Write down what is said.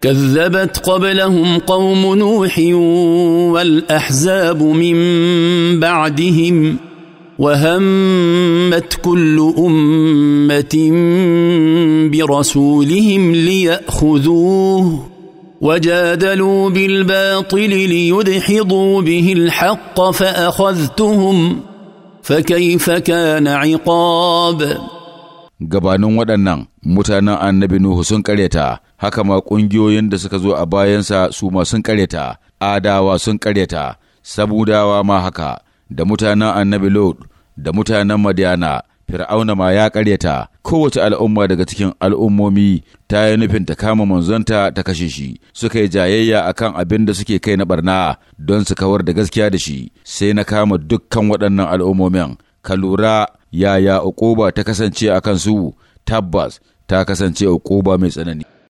كذبت قبلهم قوم نوح والاحزاب من بعدهم وهمت كل امه برسولهم لياخذوه وجادلوا بالباطل ليدحضوا به الحق فاخذتهم فكيف كان عقاب gabanin waɗannan mutanen annabi Nuhu sun ƙareta haka ma ƙungiyoyin da suka zo a bayansa su ma sun ƙaryata, adawa sun ƙaryata, sabudawa ma haka, da mutanen annabi Lod, da mutanen madiana Fir'auna ma ya ƙaryata, kowace al'umma daga cikin al'ummomi ta yi nufin ta kama manzonta ta kashe shi, suka yi jayayya a kan abin da suke kai na barna don su kawar da gaskiya da shi, sai na kama dukkan waɗannan al'ummomin, ka lura yaya uquba ta kasance a kansu, tabbas ta kasance uquba mai tsanani.